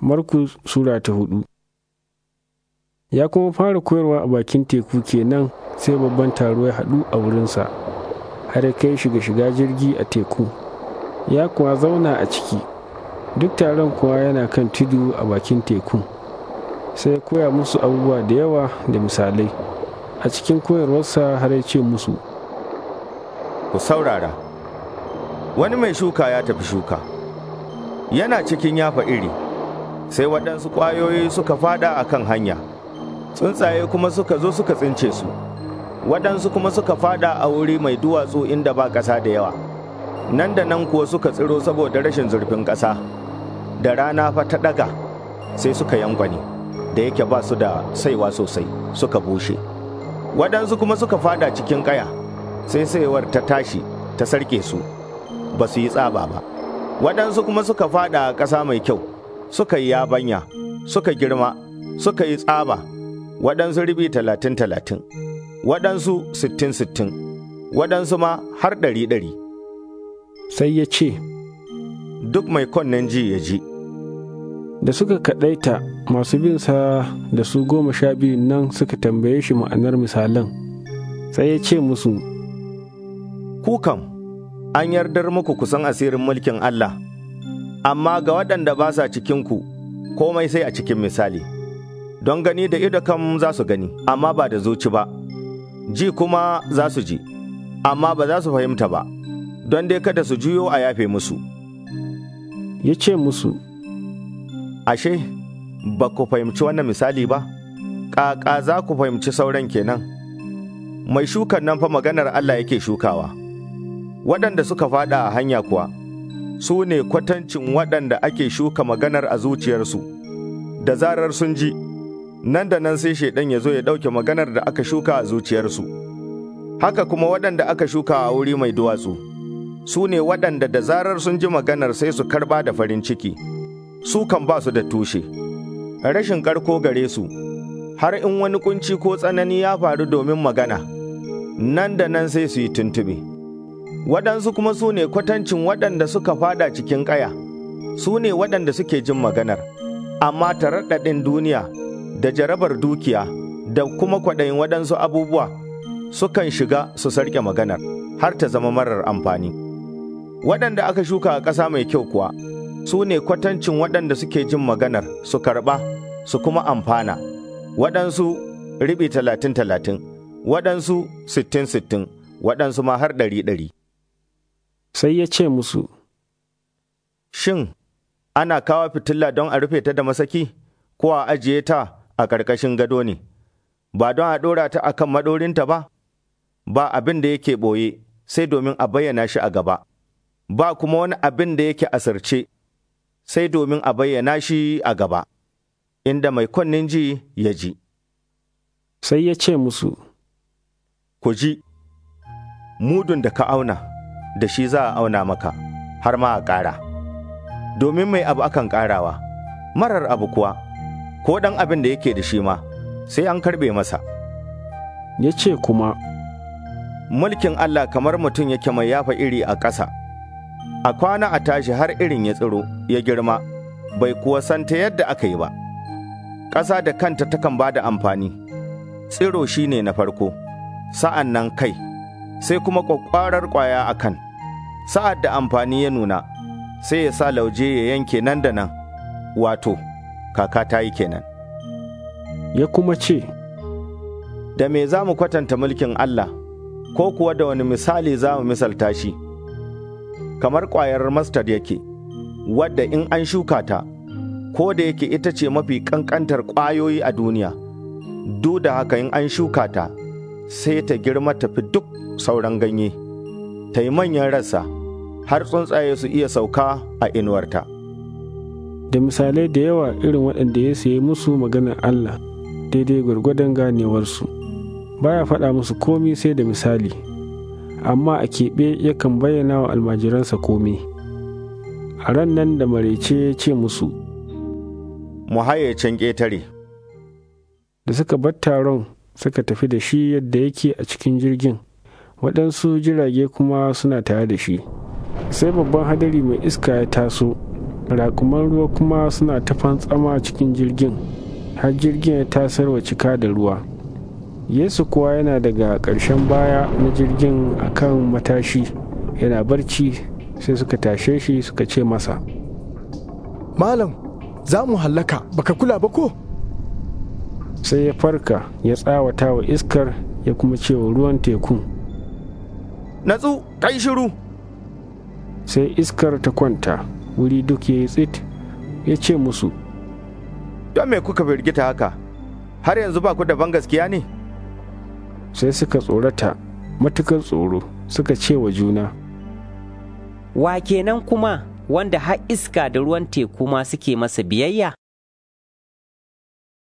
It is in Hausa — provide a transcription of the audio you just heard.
Markus Sura ta hudu Ya kuma fara koyarwa a bakin teku kenan sai babban taro ya haɗu a wurinsa, har ya kai shiga shiga jirgi a teku, ya kuwa zauna a ciki, duk taron kuwa yana kan tudu a bakin teku. Sai ya koya musu abubuwa da yawa da misalai, a cikin koyarwarsa har ya ce musu. Ku saurara, wani mai shuka ya tafi shuka, yana cikin yafa iri. sai waɗansu ƙwayoyi suka fada a kan hanya tsuntsaye kuma suka zo suka tsince su waɗansu kuma suka fada a wuri mai duwatsu inda ba ƙasa da yawa nan da nan kuwa suka tsiro saboda rashin zurfin ƙasa da rana fa ta ɗaga sai suka yankwane da yake ba su da saiwa sosai suka bushe waɗansu kuma suka fada cikin ƙaya sai saiwar ta tashi ta sarke su ba su yi tsaba ba waɗansu kuma suka fada a ƙasa mai kyau suka yi yabanya, suka girma, suka yi tsaba, waɗansu ribi talatin talatin, waɗansu sittin sittin, waɗansu ma har ɗari ɗari. Sai ya ce, Duk mai kunnen ji ya ji. Da suka kaɗaita masu binsa da su goma sha biyu nan suka tambaye shi ma'anar misalin. sai ya ce musu, Kukan, an yardar muku kusan asirin mulkin Allah. amma ga waɗanda ba sa cikinku komai sai a cikin misali, don gani da ido kam za su gani, amma ba da zuci ba, ji kuma za su ji, amma ba za su fahimta ba, don dai kada su juyo a yafe musu. Ya ce musu, Ashe, ba ku fahimci wannan misali ba, ƙaƙa za ku fahimci sauran kenan. Mai shukan nan fa maganar Allah yake shukawa, waɗanda suka faɗa a hanya kuwa. su ne kwatancin waɗanda ake shuka maganar a zuciyarsu, da zarar sun ji, nan da nan sai shaidan ya zo ya ɗauke maganar da aka shuka a zuciyarsu. Haka kuma waɗanda aka shuka a wuri mai duwatsu, su ne waɗanda da zarar sun ji maganar sai su karɓa da farin ciki, su kan ba su da tushe, rashin ƙarko gare su, har in wani kunci ko tsanani ya faru domin magana, nan da nan sai su yi tuntuɓe. waɗansu kuma su ne kwatancin waɗanda suka fada cikin ƙaya, su ne waɗanda suke jin maganar, amma taraɗaɗin duniya da jarabar dukiya da kuma kwaɗayin waɗansu abubuwa sukan shiga su sarƙe maganar har ta zama marar amfani. Waɗanda aka shuka a ƙasa mai kyau kuwa su ne kwatancin waɗanda suke jin maganar su karɓa su kuma amfana, waɗansu riɓi talatin talatin, waɗansu sittin sittin, waɗansu ma har ɗari ɗari. sai ya ce musu, Shin, ana kawo fitila don a rufe ta da masaki, ko a ajiye ta a ƙarƙashin gado ne, ba don a ɗora ta a kan maɗorinta ba, ba abin da yake ɓoye sai domin a bayyana shi a gaba, ba kuma wani abin da yake asirce sai domin a bayyana shi a gaba, inda mai kunnen ji ya ji. Sai ya ce musu, Ku ji, mudun da ka auna. da shi za a auna maka, har ma a ƙara. Domin mai abu akan ƙarawa, marar abu kuwa, ko ɗan abin da yake da shi ma, sai an karɓe masa. Ya ce kuma, Mulkin Allah kamar mutum yake mai yafa iri a ƙasa, a kwana a tashi har irin ya tsiro, ya girma, bai kuwa san ta yadda aka yi ba. ƙasa da kanta takan ba da amfani, tsiro shi ne na farko, sa'an nan kai, sai kuma ƙwaƙwarar ƙwaya a kan. sa'ad da amfani ya nuna sai ya sa lauje ya yanke nan da nan wato kaka ta yi kenan ya kuma ce da me za mu kwatanta mulkin Allah ko kuwa da wani misali za mu misalta shi kamar ƙwayar mastar yake wadda in an shuka ta ko da yake ita ce mafi ƙanƙantar ƙwayoyi a duniya duk da haka in an shuka ta sai ta girma tafi duk sauran ganye ta yi manyan rassa har tsuntsaye su iya sauka a inuwarta. Da misalai da yawa irin waɗanda ya sayi musu maganar Allah daidai gwargwadon ganewarsu, baya faɗa musu komi sai da misali, amma a keɓe yakan bayyana wa almajiransa komi. A ran nan da marece ya ce musu, Mu hayyacin ƙetare. Da suka bar taron suka tafi da shi yadda yake a cikin jirgin, waɗansu jirage kuma suna tare da shi. sai babban hadari mai iska ya taso rakuman ruwa kuma suna ta fantsama cikin jirgin har jirgin ya tasar wa cika da ruwa yesu kuwa yana daga ƙarshen baya na jirgin akan matashi yana barci sai suka tashe shi suka ce masa malam za mu hallaka baka kula ba ko sai ya farka ya tsawata wa iskar ya kuma cewa ruwan tekun natsu kai shiru sai iskar ta kwanta wuri duk ya yi tsit ya ce musu don me kuka firgita haka har yanzu ba ku da gaskiya ne sai suka tsorata matukar tsoro suka ce wa juna wa kenan kuma wanda har iska da ruwan teku ma suke masa biyayya